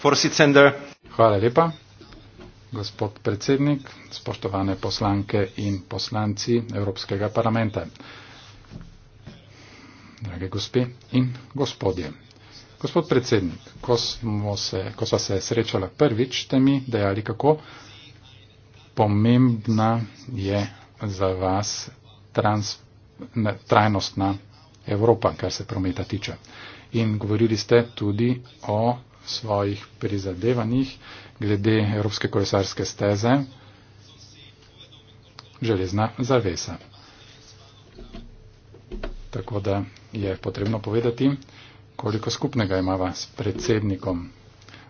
Forsitzender. Hvala lepa. Gospod predsednik, spoštovane poslanke in poslanci Evropskega parlamenta, drage gospe in gospodje. Gospod predsednik, ko, se, ko sva se srečala prvič, ste mi dejali, kako pomembna je za vas trans, ne, trajnostna Evropa, kar se prometa tiče. In govorili ste tudi o svojih prizadevanjih glede Evropske kolesarske steze železna zavesa. Tako da je potrebno povedati, koliko skupnega imava s predsednikom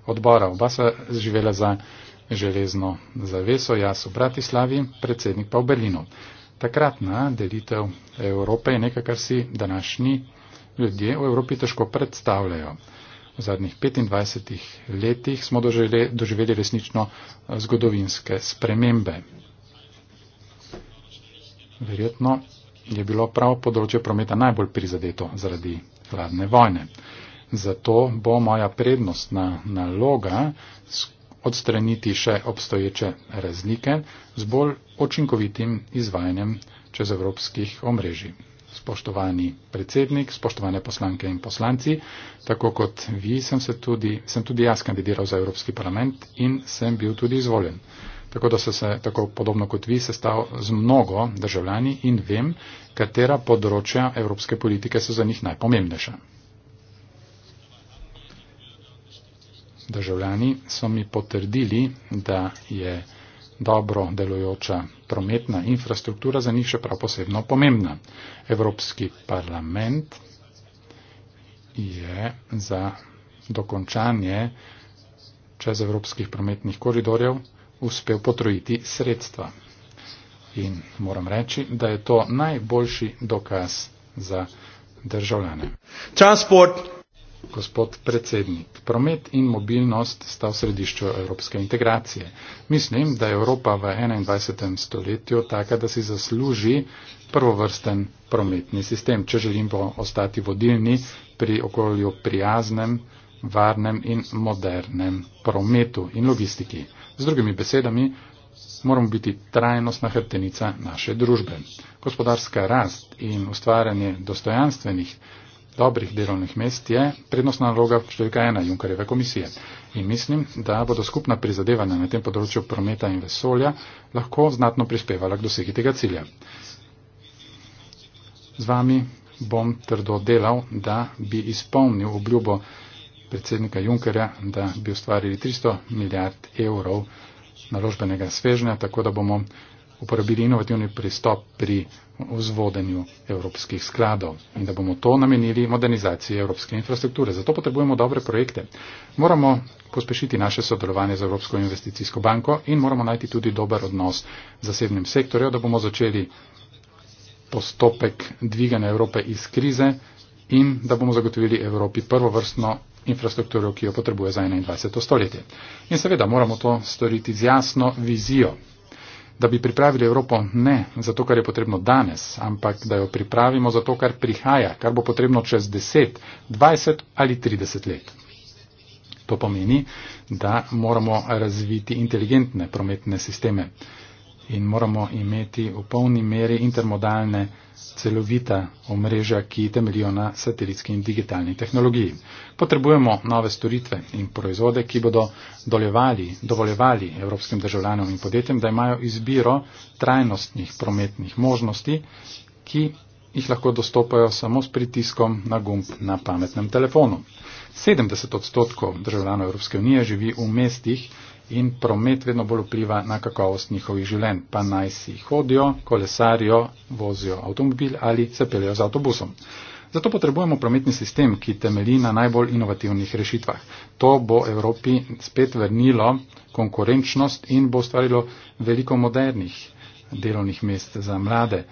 odbora. Oba so živela za železno zaveso, jaz v Bratislavi, predsednik pa v Berlinu. Takratna delitev Evrope je nekaj, kar si današnji ljudje v Evropi težko predstavljajo v zadnjih 25 letih smo doželi, doživeli resnično eh, zgodovinske spremembe. Verjetno je bilo prav področje prometa najbolj prizadeto zaradi hladne vojne. Zato bo moja prednostna naloga odstraniti še obstoječe razlike z bolj očinkovitim izvajanjem čez evropskih omrežij spoštovani predsednik, spoštovane poslanke in poslanci, tako kot vi sem, se tudi, sem tudi jaz kandidiral za Evropski parlament in sem bil tudi izvoljen. Tako da sem se, tako podobno kot vi, sestal z mnogo državljani in vem, katera področja evropske politike so za njih najpomembnejša. Državljani so mi potrdili, da je dobro delujoča prometna infrastruktura za njih še prav posebno pomembna. Evropski parlament je za dokončanje čez evropskih prometnih koridorjev uspel potrojiti sredstva. In moram reči, da je to najboljši dokaz za državljane. Transport gospod predsednik. Promet in mobilnost sta v središču evropske integracije. Mislim, da je Evropa v 21. stoletju taka, da si zasluži prvovrsten prometni sistem, če želimo ostati vodilni pri okolju prijaznem, varnem in modernem prometu in logistiki. Z drugimi besedami, moramo biti trajnostna hrtenica naše družbe. Gospodarska rast in ustvarjanje dostojanstvenih dobrih delovnih mest je prednostna naloga številka ena Junkareve komisije. In mislim, da bodo skupna prizadevanja na tem področju prometa in vesolja lahko znatno prispevala k dosegi tega cilja. Z vami bom trdo delal, da bi izpolnil obljubo predsednika Junkerja, da bi ustvarili 300 milijard evrov naložbenega svežnja, tako da bomo uporabili inovativni pristop pri vzvodenju evropskih skladov in da bomo to namenili modernizaciji evropske infrastrukture. Zato potrebujemo dobre projekte. Moramo pospešiti naše sodelovanje z Evropsko investicijsko banko in moramo najti tudi dober odnos z zasebnim sektorjem, da bomo začeli postopek dviganja Evrope iz krize in da bomo zagotovili Evropi prvovrstno infrastrukturo, ki jo potrebuje za 21. stoletje. In seveda moramo to storiti z jasno vizijo da bi pripravili Evropo ne za to, kar je potrebno danes, ampak da jo pripravimo za to, kar prihaja, kar bo potrebno čez 10, 20 ali 30 let. To pomeni, da moramo razviti inteligentne prometne sisteme in moramo imeti v polni meri intermodalne celovita omrežja, ki temeljijo na satelitski in digitalni tehnologiji. Potrebujemo nove storitve in proizvode, ki bodo dolevali, dovoljevali evropskim državljanom in podjetjem, da imajo izbiro trajnostnih prometnih možnosti, ki jih lahko dostopajo samo s pritiskom na gumb na pametnem telefonu. 70 odstotkov državljanov Evropske unije živi v mestih, in promet vedno bolj vpliva na kakovost njihovih življenj, pa naj si hodijo, kolesarijo, vozijo avtomobil ali se peljajo z avtobusom. Zato potrebujemo prometni sistem, ki temelji na najbolj inovativnih rešitvah. To bo Evropi spet vrnilo konkurenčnost in bo ustvarilo veliko modernih delovnih mest za mlade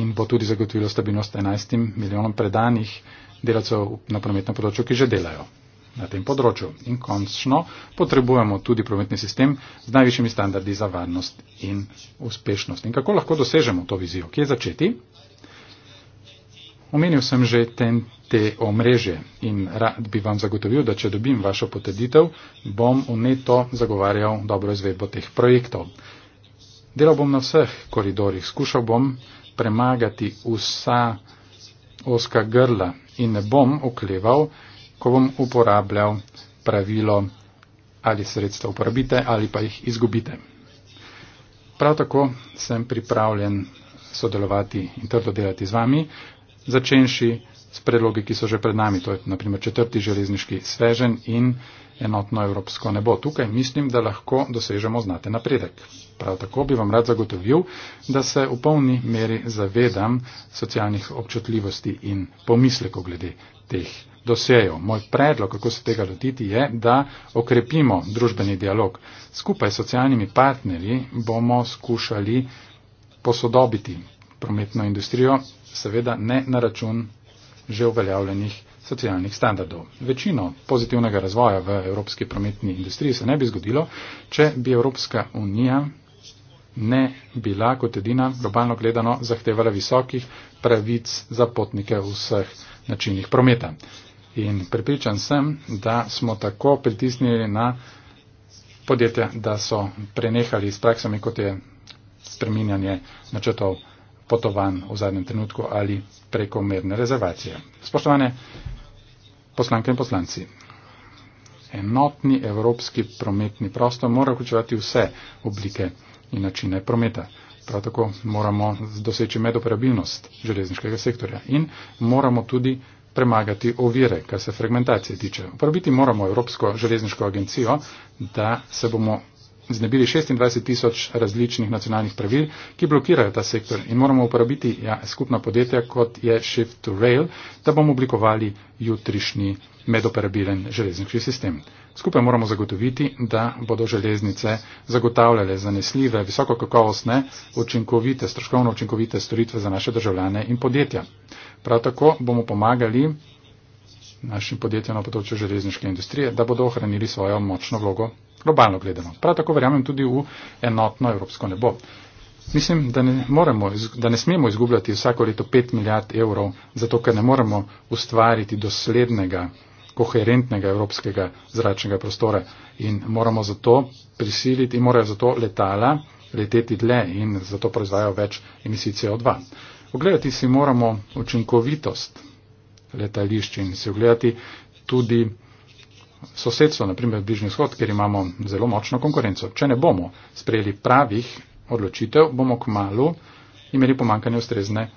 in bo tudi zagotovilo stabilnost 11 milijonom predanih delavcev na prometnem področju, ki že delajo na tem področju. In končno potrebujemo tudi prometni sistem z najvišjimi standardi za varnost in uspešnost. In kako lahko dosežemo to vizijo? Kje začeti? Omenil sem že TNT omrežje in rad bi vam zagotovil, da če dobim vašo poteditev, bom v neto zagovarjal dobro izvedbo teh projektov. Delal bom na vseh koridorih, skušal bom premagati vsa oska grla in ne bom okleval, ko bom uporabljal pravilo ali sredstva uporabite ali pa jih izgubite. Prav tako sem pripravljen sodelovati in trdo delati z vami, začenši s predlogi, ki so že pred nami, to je naprimer četrti železniški svežen in enotno evropsko nebo. Tukaj mislim, da lahko dosežemo znate napredek. Prav tako bi vam rad zagotovil, da se v polni meri zavedam socialnih občutljivosti in pomislekov glede teh dosjeju. Moj predlog, kako se tega lotiti, je, da okrepimo družbeni dialog. Skupaj s socialnimi partnerji bomo skušali posodobiti prometno industrijo, seveda ne na račun že uveljavljenih socialnih standardov. Večino pozitivnega razvoja v evropski prometni industriji se ne bi zgodilo, če bi Evropska unija ne bila kot edina globalno gledano zahtevala visokih pravic za potnike v vseh načinih prometa. In pripričan sem, da smo tako pritisnili na podjetja, da so prenehali s praksami, kot je spreminjanje načrtov potovanj v zadnjem trenutku ali prekomerne rezervacije. Spoštovane poslanke in poslanci, enotni evropski prometni prostor mora vključevati vse oblike in načine prometa. Prav tako moramo doseči medoperabilnost železniškega sektorja in moramo tudi premagati ovire, kar se fragmentacije tiče. Uporabiti moramo Evropsko železniško agencijo, da se bomo znebili 26 tisoč različnih nacionalnih pravil, ki blokirajo ta sektor in moramo uporabiti ja, skupna podjetja, kot je Shift to Rail, da bomo oblikovali jutrišnji medoperabilen železniški sistem. Skupaj moramo zagotoviti, da bodo železnice zagotavljale zanesljive, visokokakovostne, učinkovite, stroškovno učinkovite storitve za naše državljane in podjetja. Prav tako bomo pomagali našim podjetjem na področju železniške industrije, da bodo ohranili svojo močno vlogo globalno gledano. Prav tako verjamem tudi v enotno evropsko nebo. Mislim, da ne, moremo, da ne smemo izgubljati vsako leto 5 milijard evrov, zato ker ne moremo ustvariti doslednega, koherentnega evropskega zračnega prostora in moramo zato prisiliti in morajo zato letala leteti dlje in zato proizvajajo več emisij CO2. Ogledati si moramo učinkovitost letališča in si ogledati tudi sosedstvo, naprimer Bližnji vzhod, kjer imamo zelo močno konkurenco. Če ne bomo sprejeli pravih odločitev, bomo k malu imeli pomankanje ustrezne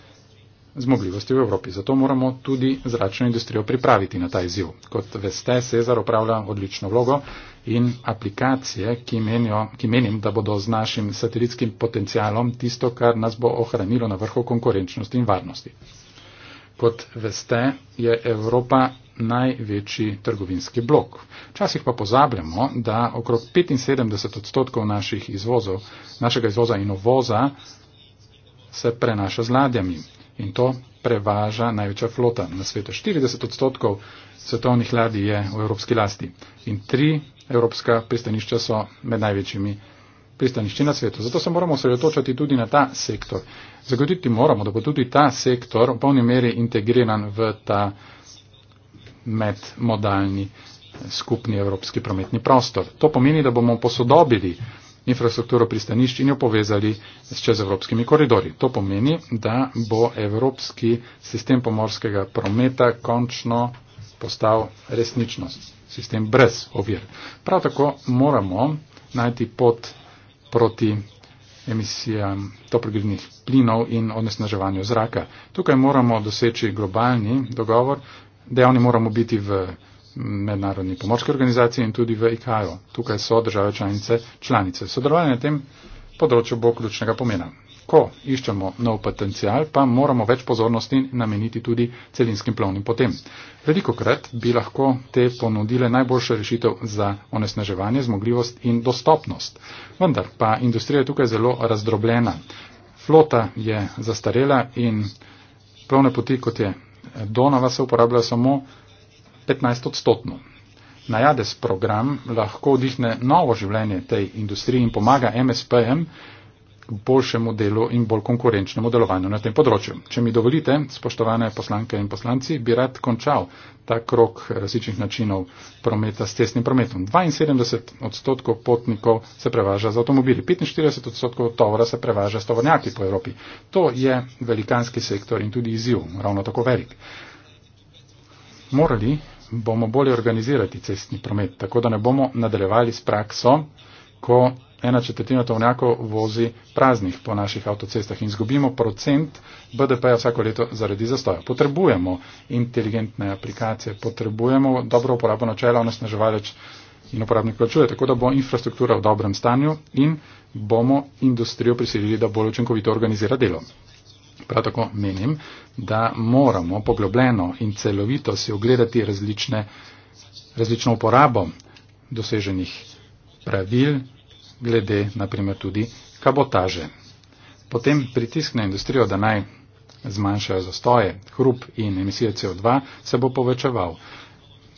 zmogljivosti v Evropi. Zato moramo tudi zračno industrijo pripraviti na ta izziv. Kot veste, Cezar opravlja odlično vlogo in aplikacije, ki, menijo, ki menim, da bodo z našim satelitskim potencialom tisto, kar nas bo ohranilo na vrhu konkurenčnosti in varnosti. Kot veste, je Evropa največji trgovinski blok. Včasih pa pozabljamo, da okrog 75 odstotkov naših izvozov, našega izvoza in ovoza se prenaša z ladjami in to prevaža največja flota na svetu. 40 odstotkov svetovnih ladij je v evropski lasti in tri evropska pristanišča so med največjimi pristanišči na svetu. Zato se moramo osredotočati tudi na ta sektor. Zagotiti moramo, da bo tudi ta sektor v polni meri integriran v ta medmodalni skupni evropski prometni prostor. To pomeni, da bomo posodobili infrastrukturo pristanišč in jo povezali s čezevropskimi koridori. To pomeni, da bo evropski sistem pomorskega prometa končno postal resničnost, sistem brez ovir. Prav tako moramo najti pot proti emisijam toplogrednih plinov in onesnaževanju zraka. Tukaj moramo doseči globalni dogovor, dejavni moramo biti v mednarodni pomorski organizaciji in tudi v IKAO. Tukaj so države članice članice. Sodelovanje na tem področju bo ključnega pomena. Ko iščemo nov potencial, pa moramo več pozornosti nameniti tudi celinskim plovnim potem. Veliko krat bi lahko te ponudile najboljše rešitev za onesnaževanje, zmogljivost in dostopnost. Vendar pa industrija je tukaj zelo razdrobljena. Flota je zastarela in plovne poti, kot je Donava, se uporabljajo samo 15 odstotno. Najades program lahko vdihne novo življenje tej industriji in pomaga MSP-jem k boljšemu delu in bolj konkurenčnemu delovanju na tem področju. Če mi dovolite, spoštovane poslanke in poslanci, bi rad končal ta krok različnih načinov prometa s cestnim prometom. 72 odstotkov potnikov se prevaža z avtomobili, 45 odstotkov tovora se prevaža s tovornjaki po Evropi. To je velikanski sektor in tudi izziv, ravno tako velik morali, bomo bolje organizirati cestni promet, tako da ne bomo nadaljevali s prakso, ko ena četrtina tovnjakov vozi praznih po naših avtocestah in zgubimo procent BDP-ja vsako leto zaradi zastoja. Potrebujemo inteligentne aplikacije, potrebujemo dobro uporabo načela, ono snaževalec in uporabnik plačuje, tako da bo infrastruktura v dobrem stanju in bomo industrijo prisilili, da bolj učinkovito organizira delo. Prav tako menim, da moramo poglobljeno in celovito si ogledati različne, različno uporabo doseženih pravil, glede naprimer tudi kabotaže. Potem pritisk na industrijo, da naj zmanjšajo zastoje, hrup in emisije CO2 se bo povečeval.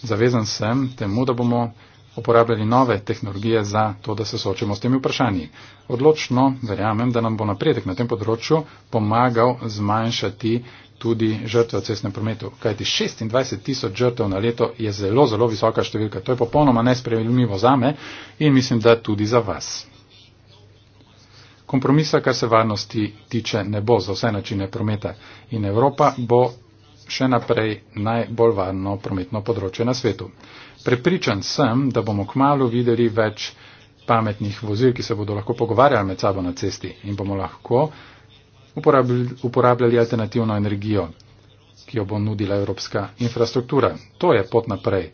Zavezan sem temu, da bomo uporabljali nove tehnologije za to, da se soočamo s temi vprašanji. Odločno verjamem, da nam bo napredek na tem področju pomagal zmanjšati tudi žrtve v cestnem prometu. Kajti 26 tisoč žrtev na leto je zelo, zelo visoka številka. To je popolnoma nespremljivo za me in mislim, da tudi za vas. Kompromisa, kar se varnosti tiče, ne bo za vse načine prometa in Evropa bo še naprej najbolj varno prometno področje na svetu. Prepričan sem, da bomo kmalo videli več pametnih vozil, ki se bodo lahko pogovarjali med sabo na cesti in bomo lahko uporabljali alternativno energijo, ki jo bo nudila evropska infrastruktura. To je pot naprej.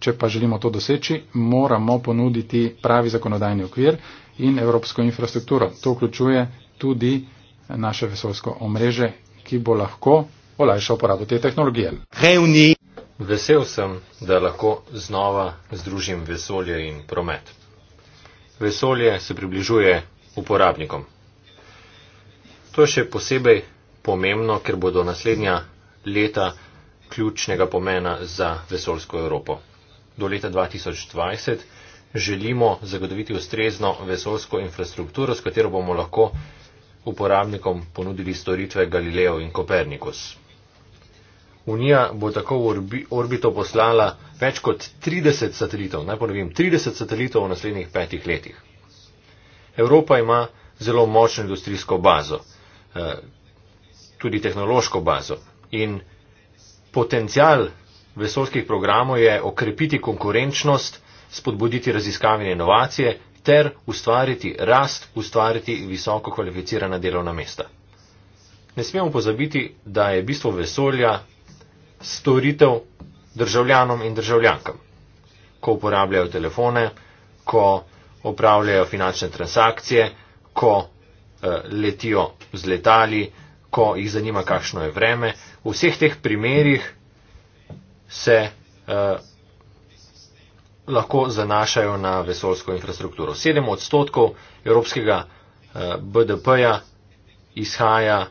Če pa želimo to doseči, moramo ponuditi pravi zakonodajni okvir in evropsko infrastrukturo. To vključuje tudi naše vesolsko omreže, ki bo lahko olajša uporabo te tehnologije. Reuni. Vesel sem, da lahko znova združim vesolje in promet. Vesolje se približuje uporabnikom. To je še posebej pomembno, ker bodo naslednja leta ključnega pomena za vesolsko Evropo. Do leta 2020 želimo zagotoviti ustrezno vesolsko infrastrukturo, s katero bomo lahko uporabnikom ponudili storitve Galileo in Kopernikus. Unija bo tako v orbito poslala več kot 30 satelitov, naj ponovim, 30 satelitov v naslednjih petih letih. Evropa ima zelo močno industrijsko bazo, eh, tudi tehnološko bazo in potencial vesolskih programov je okrepiti konkurenčnost, spodbuditi raziskave in inovacije ter ustvariti rast, ustvariti visoko kvalificirana delovna mesta. Ne smemo pozabiti, da je bistvo vesolja storitev državljanom in državljankam, ko uporabljajo telefone, ko opravljajo finančne transakcije, ko eh, letijo z letali, ko jih zanima, kakšno je vreme. V vseh teh primerjih se eh, lahko zanašajo na vesolsko infrastrukturo. Sedem odstotkov evropskega eh, BDP-ja izhaja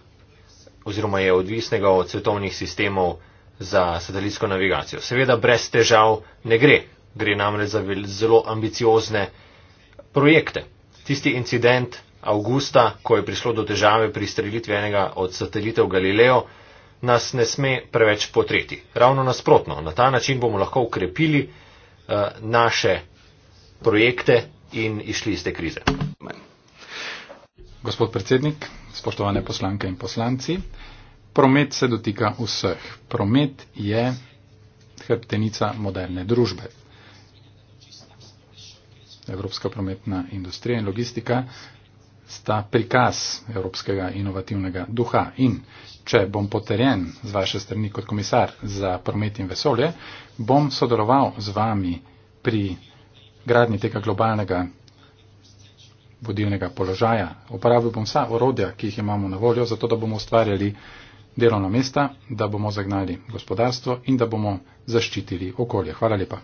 oziroma je odvisnega od svetovnih sistemov za satelitsko navigacijo. Seveda brez težav ne gre. Gre namreč za zelo ambiciozne projekte. Tisti incident avgusta, ko je prišlo do težave pri strelitvi enega od satelitev Galileo, nas ne sme preveč potreti. Ravno nasprotno, na ta način bomo lahko ukrepili uh, naše projekte in išli iz te krize. Gospod predsednik, spoštovane poslanke in poslanci. Promet se dotika vseh. Promet je hrbtenica moderne družbe. Evropska prometna industrija in logistika sta prikaz evropskega inovativnega duha. In če bom poterjen z vaše strani kot komisar za promet in vesolje, bom sodeloval z vami pri gradni tega globalnega vodilnega položaja. Uporabil bom vsa orodja, ki jih imamo na voljo, zato da bomo ustvarjali delovna mesta, da bomo zagnali gospodarstvo in da bomo zaščitili okolje. Hvala lepa.